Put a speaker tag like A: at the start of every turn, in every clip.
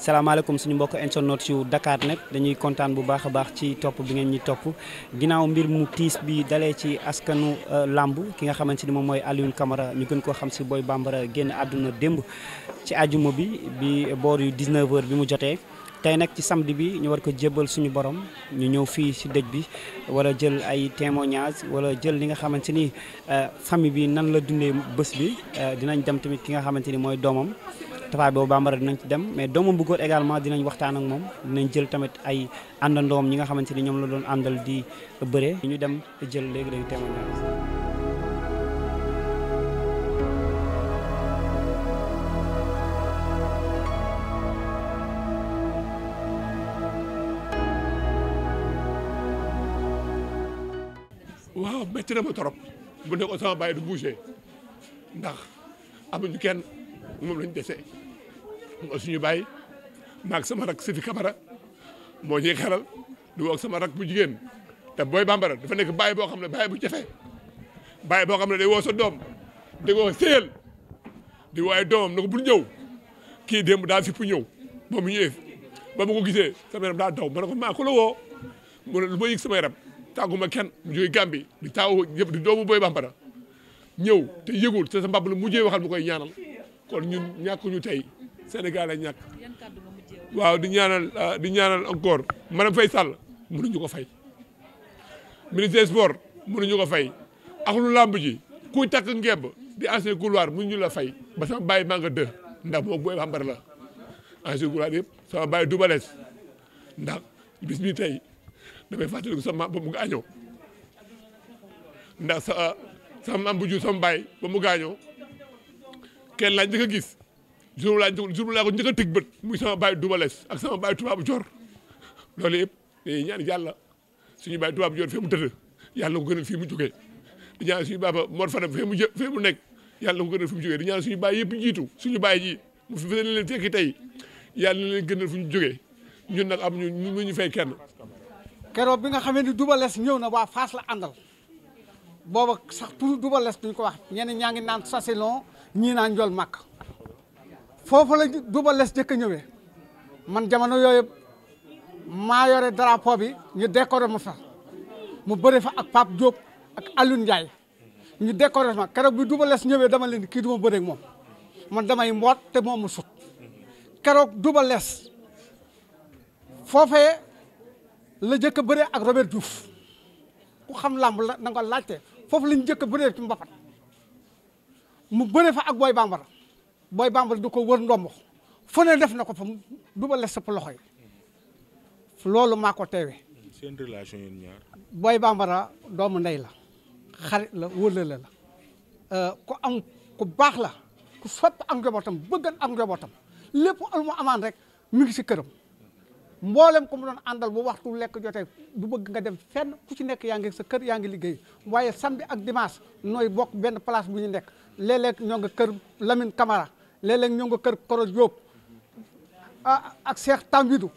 A: salaamaaleykum suñu mbokk internet yu Dakar nag dañuy kontaan bu baax a baax ci topp bi ngeen ñi topp ginnaaw mbir mu tiis bi dalee ci askanu euh, làmb ki nga xamante ni moom mooy Alioune Camara ñu gën koo xam si booy Bambara génn àdduna démb ci ajuma bi bi boor yu 19h bi mu jotee. tey nag ci samedi bi ñu war ko jébbal suñu borom ñu ñëw fii ci dëj bi wala jël ay témoignages wala jël li nga xamante ni euh, famille bi nan la dundee bës bi euh, dinañ dem tamit ki nga xamante ni mooy doomam. Tafa boobu bambara dinañ ci dem mais doomam bu góor également dinañ waxtaan ak moom dinañ jël tamit ay àndandoom ñi nga xamante ni ñoom la doon àndal di bëre ñu dem jël léegi léegi témoignage
B: waaw métti na ma bu nekkoon sama bàyyi du bougé ndax amuñu kenn moom lañ dese moo suñu baay maag sama rak Sifi Camara moo ñuy xelal du woog sama rak bu jigéen te booy bambara dafa nekk baay boo xam ne baay bu jefe baay boo xam ne day woo sa doom di ko séyal di waaye doom na ko bul ñëw kii démb daa fipp ñëw ba mu ñëwee ba ma ko gisee sama yaram daa daw ma ne ko maa ko la woo mu ne lu ma yëg sama yaram tàgguma kenn mu jógee Gàmbi di taaw yëpp di doomu booy bambara ñëw te yëgul te sa mbab mu mujjee waxal mu koy ñaanal kon ñun ñàkkuñu tey Sénégal a ñàkk waaw di ñaanal ah, di ñaanal encore madame Faye Sall ko fay ministre sport mënuñu ko fay ak lu làmb ji kuy takk ngemb di ancien couloir mënuñu la fay ba sama bàyyi maa nga dë ndax moom booy bambara la ancien couloir yëpp sama bàyyi dubales ndax sama ba mu gaañoo ndax ah, sama ba mu gaañoo kenn laaj njëkk a gis jour laa jour laa ko njëkk a tëg bët muy sama baay dubales ak sama baay tubaabu jor loolu yëpp dañuy ñaan yàlla suñu baay tubaabu jor fii mu tëdd yàlla ko gënal mu jógee di ñaan suñu baaba Mor mu mu nekk yàlla ko gënal fi mu jógee di ñaan suñu baay yëpp jiitu suñu baay ji mu fi
C: fekk leen fekki tey yàlla na leen gënal fu ñu juge ñun nag am ñu ñu ñu fay kenn. keroog bi nga xamee ni dubales ñëw na waa Fass la àndal booba sax pour dubales duñ ko wax ñenn ñaa ngi naan saselon ñii naa njool màkk foofu la Double Less jëkk ñëwee man jamono yooyu maa yore drapeau bi ñu décoré ma fa mu bëre fa ak Pape Diop ak Alioune Ndiaye ñu décoré ma keroog bi Double Less ñëwee dama leen kii du ma bëre moom man damay mboot te moom mu sut keroog Double Less foofee la jëkk bëree ak Robert Diouf ku xam làmb la na nga laajte foofu la ñu jëkk a bëree ci mbapat mu bëre fa ak booy bambara booy bambara du ko wër ndombo foo ne def na ko fa du ba les sëpp loxo loolu maa ko teewe booy bambara doomu ndey la xarit la wëllale la euh, am ku baax la ku sopp ak njabootam bëggan ak njabootam lépp al mu amaan rek mu ngi si këram mboolem ko mu doon àndal bu waxtu lekk jotee du bëgg nga dem fenn ku ci nekk yaa ngi sa kër yaa ngi liggéey waaye sambi ak dimaas nooy bokk benn place bu ñu nekk léeg-léeg ñoo nga kër Lamine Camara léeg ñoo nga kër Koro Diop ah, ak Cheikh Tambidou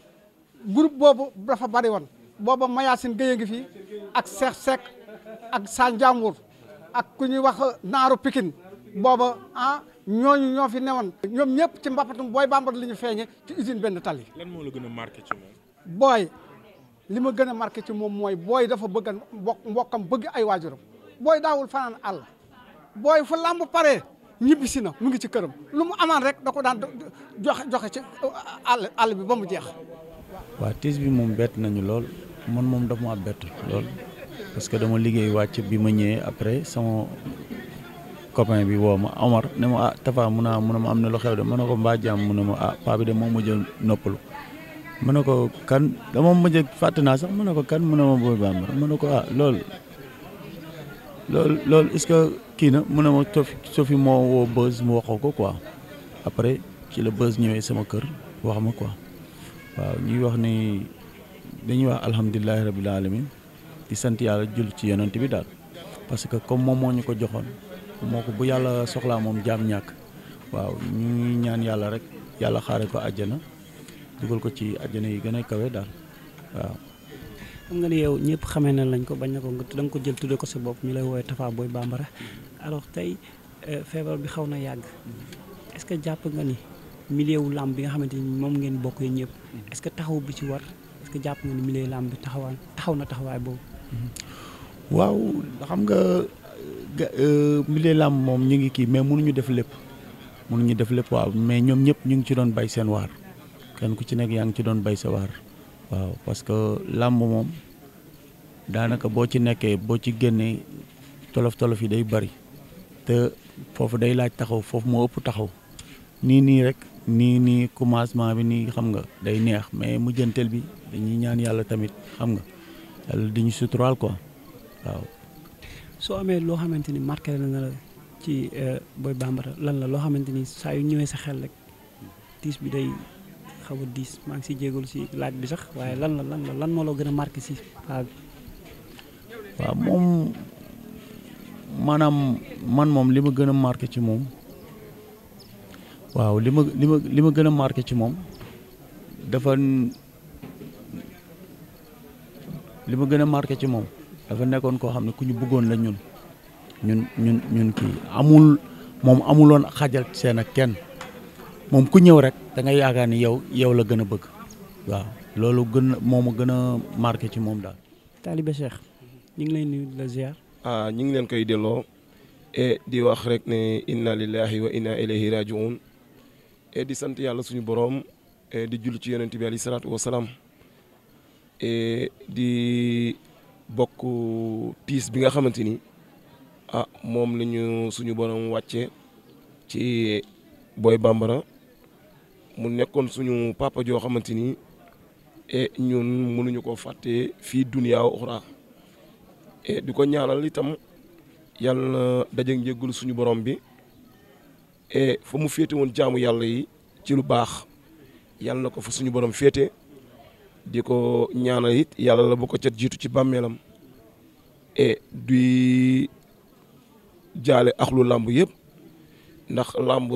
C: groupe boobu dafa bari woon booba Mayacine Gueye ngi fi ak seex Seck ak Sandiambour ak ku ñuy wax Naaru Pikine booba ah ñooñu ñoo fi newoon ñoom ñëpp ci mbapatum booy bambara li ñu feeñe ci usine benn tali. lan moo la gën a marqué ci moom. booy li ma gën a marqué ci moom mooy booy dafa bëgg mbokk mbokkam bëgg ay waajuram booy daawul fanaan àll. booy fu làmb paree ñibbisi na mu ngi ci këram lu mu amaan rek da ko daan joxe joxe ci all uh, àll bi ba mu jeex.
D: waaw tiis bi moom bett nañu lool man moom daf ma bett lool parce que dama liggéey wàcc bi ma ñëwee après sama copain bi woo ma Omar ne ma ah Tafa mun naa mun a ma am na lu xew de ma ne ko mbaa jàmm mu ne ma ah paa bi de moom mujj a noppalu. ma ne ko kan dama mujj fàtte naa sax ma ne ko kan mu ne ma booy bambara ma ne ko ah loolu loolu loolu est-ce que kii na mu ne ma Sophie moo woo Buzz mu waxoo ko quoi après ci la Buzz ñëwee sama kër wax ma quoi waaw ñuy wax ni dañuy wax alhamdulilahi rabil alamin di sant yàlla jull ci yonent bi daal parce que comme moom moo ñu ko joxoon moo ko bu yàlla soxlaa moom jaam ñàkk waaw ñu ñaan yàlla rek yàlla xaare ko àjjana dugal ko ci àjjana yi gën a kawe daal waaw
A: xam nga ni yow ñëpp xamee na lañ ko bañ na ko da nga ko jël tudde ko sa bopp ñu lay woowee Tafa Boy Bambara alors tey euh, feebar bi xaw na yàgg est-ce que jàpp nga ni milieu wu làmb bi nga xamante ni moom ngeen bokk ñëpp est que taxaw bi ci war est-ce que jàpp nga ni milieu làmb bi taxawaan taxaw na taxawaay boobu. Mm-hmm.
D: waaw xam nga euh, milieu làmb moom ñu ngi kii mais mënuñu def lépp mënuñu def lépp waaw mais ñoom ñëpp ñu ngi ci doon bay seen waar kenn ku ci nekk yaa ngi ci doon bay sa waar. waaw parce que làmb moom daanaka boo ci nekkee boo ci génnee tolof tolof yi day bari te foofu day laaj taxaw foofu moo ëpp taxaw nii nii rek nii nii commencement bi nii xam nga day neex mais mujjanteel bi dañuy ñaan yàlla tamit xam nga yàlla dañu suturaal ko waaw.
A: soo amee loo xamante ni marqué na la ci euh, Boy Bambara lan la loo xamante ni saa yu ñëwee sa xel rek tiis bi day. xaw a diis maa ngi si jégalu si laaj bi sax waaye lan la lan lan moo loo gën a marke si
D: waaw moom maanaam man moom li ma gën a marqué ci moom waaw li li ma li ma gën a marqué ci moom dafa li ma gën a marqué ci moom dafa nekkoon koo xam ne ku ñu bëggoon la ñun ñun ñun ñun kii amul moom amuloon xajal seen ak kenn. moom ku ñëw rek da ngay yaakaar ni yow yow la gën a bëgg waaw loolu gën moom a gën a marqué
E: ci moom daal.
A: Talibe Cheikh ñu ngi lay nuyu di la ziar.
E: ah ñu ngi leen koy delloo di wax rek ne inna lillahi wa inna ilayhi di sant yàlla suñu boroom di jull ci yonent bi alayhi salaatu wa salaam di bokk tiis bi nga xamante ni ah moom lañu suñu boroom wàcce ci Boy Bambara. mu nekkoon suñu papa joo xamante ni e ñun mënuñu koo fàtte fii duniyaa uxra e di ko ñaanal itam yàlla daje njëggul suñu borom bi e fa mu féete woon jaamu yàlla yi ci lu baax yàlla na ko fa suñu borom féete di ko ñaanal it yàlla la bu ko ca jiitu ci bàmmeelam e di jaale axlu làmb yëpp ndax làmb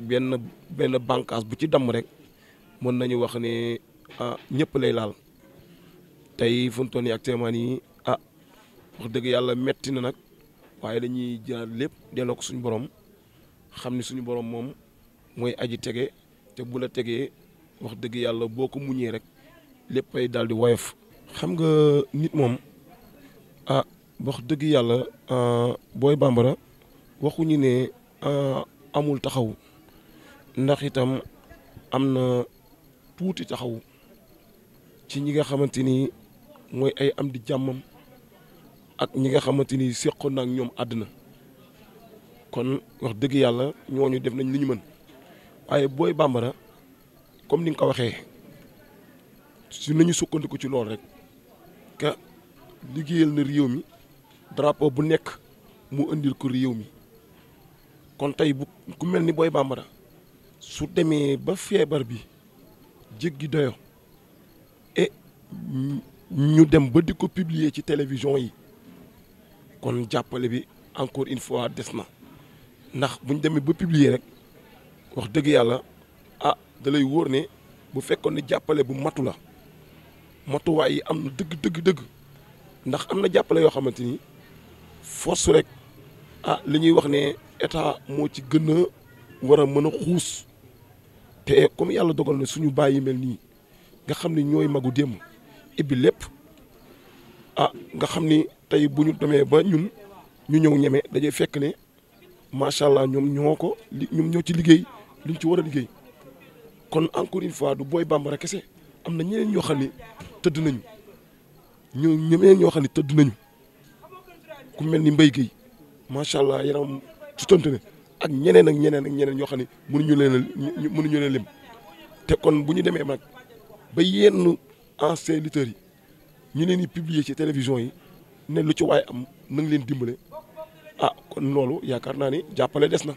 E: benn benn bànqaas bu ci damm rek mën nañu wax ne ah ñëpp lay laal tey fu mu toll nii actuellement nii ah, wax dëgg yàlla metti na nag waaye dañuy jëlaat lépp delloo ko suñu borom xam ni suñu borom moom mooy aji tege te bu la tegee wax dëgg yàlla boo ko muñee rek lépp ay daal di woyof. xam nga nit moom ah wax dëgg yàlla ah, booy Bambara waxuñu ne ah, amul taxaw. ndax itam am na tuuti taxaw ci ñi nga xamante ni mooy ay am di jàmmam ak ñi nga xamante ni seqoon naag ñoom àddina kon wax dëgg yàlla ñooñu def nañ li mën waaye booy bambara comme ni nga ko waxee su nañu sukkandiku ci loolu rek que liggéeyal na réew mi drapeau bu nekk mu indil ko réew mi kon tey bu ku mel ni booy bambara su demee ba feebar bi jéggi doyo et eh, ñu dem ba di ko publier ci télévision yi kon jàppale bi encore une fois des na ndax bu ñu demee ba publier rek wax dëgg yàlla ah da wóor ne bu fekkoon ne jàppale bu matu la matuwaay yi am na dëgg dëgg dëgg ndax am na jàppale yoo xamante ni force rek ah li ñuy wax ne état moo ci gën a war a mën a xuus te comme yàlla dogal na suñu baay yi mel nii nga xam ne ñooy magu démb ibbi lépp a ah nga xam ni tey bu ñu demee ba ñun ñu ñëw ñeme dañuy fekk ne macha allah ñoom ñoo ko ñoom ñoo ci liggéey liñ ci war a liggéey kon encore une fois du booy bambara kese am na ñeneen ñoo xam ne tëdd nañu ñu ñemeen ñoo xam ne tëdd nañu ku mel ni mbay gi macha allah yaram su tënt ne ak ñeneen ak ñeneen ak ñeneen ñoo xam ne mënuñu leen a mënuñu leen lim te kon bu ñu demee mag ba yenn anciens lutteurs yi ñu leen di publier ci télévision yi ne lu ci waay am na nga leen dimbale a ah kon loolu yaakaar naa ni jàppale des na.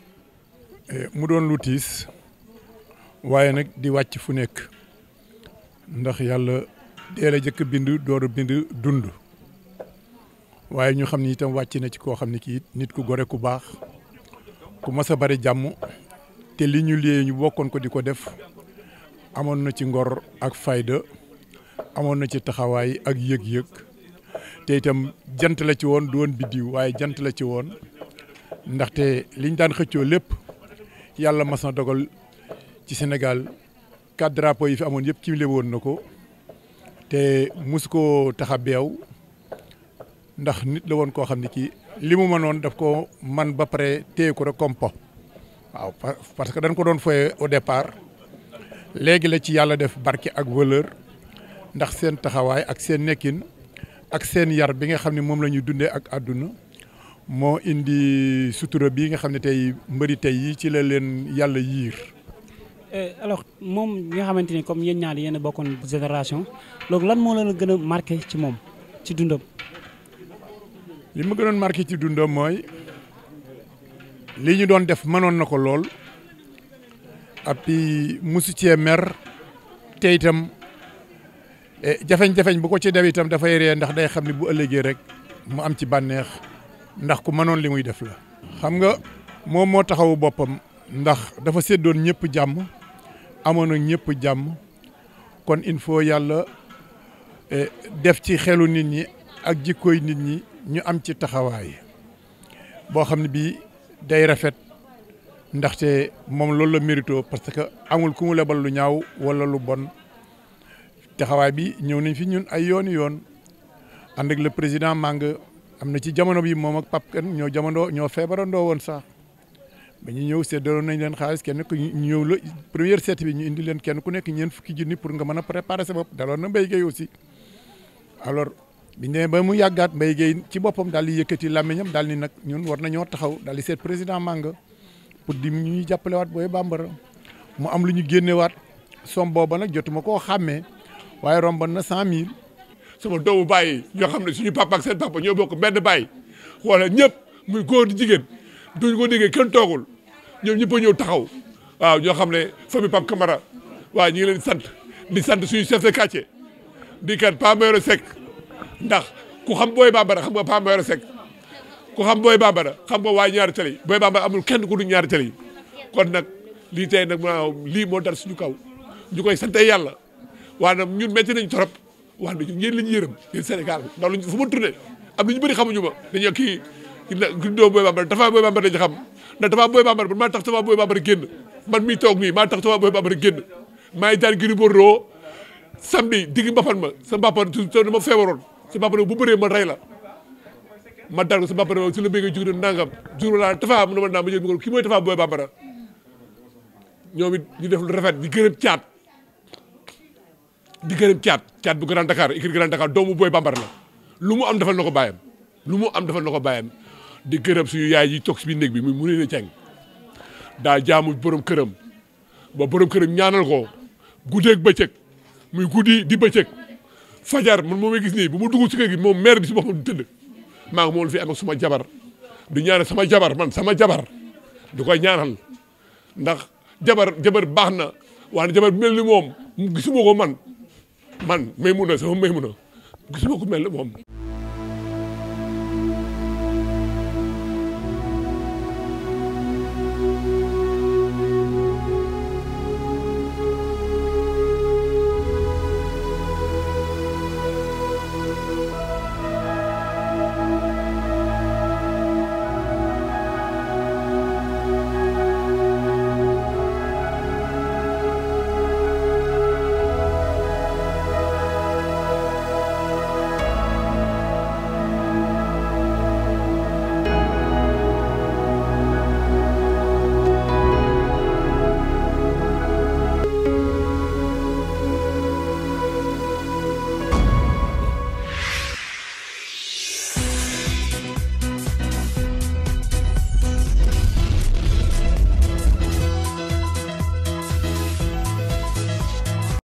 F: Eh, mu doon lu tiis waaye nag di wàcc fu nekk ndax yàlla dee la jëkk bind door bind dund waaye ñu xam ni itam wàcc na ci koo xam ne kii nit ku gore ku baax. ku masa a bari jàmm te li ñu liyee ñu bokkoon ko di ko def amoon na ci ngor ak fayda amoon na ci taxawaay ak yëg-yëg te itam jant la ci woon du woon biddiw waaye jant la ci woon ndaxte liñ daan xëccoo lépp yàlla mas na dogal ci senegal quatre yi fi amoon yëpp cumulé woon na ko te mus koo tax beew ndax nit la woon koo xam ne kii li mu mënoon daf ko man ba pare téye ko rek comme po waaw parce que dañ ko doon foye au départ léegi la ci yàlla def barke ak valeur ndax seen taxawaay ak seen nekkin ak seen yar bi nga xam ne moom lañuy dundee ak àdduna moo indi sutura bi nga xam ne tey mbëri tey yi ci la leen yàlla yiir.
A: Eh, alors moom nga xamante ni comme yéen ñaar yéen a bokkoon génération loolu lan moo leen gën a marqué ci moom ci dundam. li ma gënoon marqué ci dundam mooy
F: li ñu doon def manoon na ko lool appi musu cee mer te itam eh, jafeñ-jafeñ bu ko ci daw itam dafay ree ndax day xam ni bu ëllëgee rek mu am ci bànneex ndax ku mënoon li muy def la xam nga moom moo taxawu boppam ndax dafa séddoon ñëpp jàmm amoon na ñëpp jàmm kon il faut yàlla eh, def ci xelu nit ñi ak jikkooy nit ñi ñu am ci taxawaay boo xam ne bii day rafet ndaxte moom loolu la mérito parce que amul ku mu lebal lu ñaaw wala lu bon taxawaay bi ñëw nañ fi ñun ay yoon yoon ànd ak le président mang am na ci jamono bi moom ak Pape Kane ñoo jamono ñoo feebarandoo woon sax ba ñu ñëw séddaloon nañ leen xaalis kenn ku ñëw la première set bi ñu indi leen kenn ku nekk ñeen fukki junni pour nga mën a préparer sa bopp daloon na bay gay aussi alors. biñ demee ba mu yàggaat Mbaye Guèye ci boppam daal di yëkkati làmmiñam daal ni nag ñun war nañoo taxaw dal di seet président Manga pour di ñuy jàppale waat booy bambara mu am lu ñu génnewaat som booba nag jotuma koo xàmmee waaye romban na cent mille sama doomu baay ñoo xam ne suñu papa ak seen papa ñoo bokk benn bàyyi xoola ñëpp muy góor di
B: jigéen duñ ko déggee kenn toogul ñoom ñëpp a ñëw taxaw waaw ñoo xam ne famille Pape Camara waaw ñu ngi leen sant di sant suñu chef de di kat Pa ndax ku xam booy bambara xam nga Pape Mayoro Seck ku xam booy bambara xam nga waa ñaari tali booy bambara amul kenn ku du ñaari tali kon nag lii tey nag maanaam lii moo dal suñu kaw ñu koy sante yàlla waa nag ñun métti nañ trop wax na ñun yéen la ñu yërëm yéen Sénégal ndax luñ fu ma tourné am na ñu bëri xamuñu ma dañu kii kii doomu booy bambara dafa booy bambara dañu xam ndax dafa booy bambara man maa tax dafa booy bambara génn man mii toog nii maa tax dafa booy bambara génn maa ngi daan Gris Bordeaux samedi digg mbapat ma sa mbapat dama feebaroon su papa ne bu bëree ma rey la ma daan ko su papa ne su la mbéy nga jug nangam jur laa tafaa mu ne ma naa ma jël mi ko kii mooy tafaa booy bambara ñoom it ñu def lu rafet di gërëm caat di gërëm caat caat bu Grand Dakar écurie Grand Dakar doomu booy bambara la lu mu am defal na ko bàyyam lu mu am defal na ko bàyyam di gërëm suñu yaay yi toog si biir néeg bi mu mu ne ceng daa jaamu borom këram ba borom këram ñaanal ko guddeeg bëccëg muy guddi di bëccëg fajar man moom may gis nii bu ma dugg si kër gi moom maire bi si boppam tëdd maa ngi fi ak suma jabar du ñaanal sama jabar man sama jabar du koy ñaanal ndax jabar jabar baax na waaye jabar bu mel ni moom ko man man may mun na sama may mun a gisuma ko mel ni moom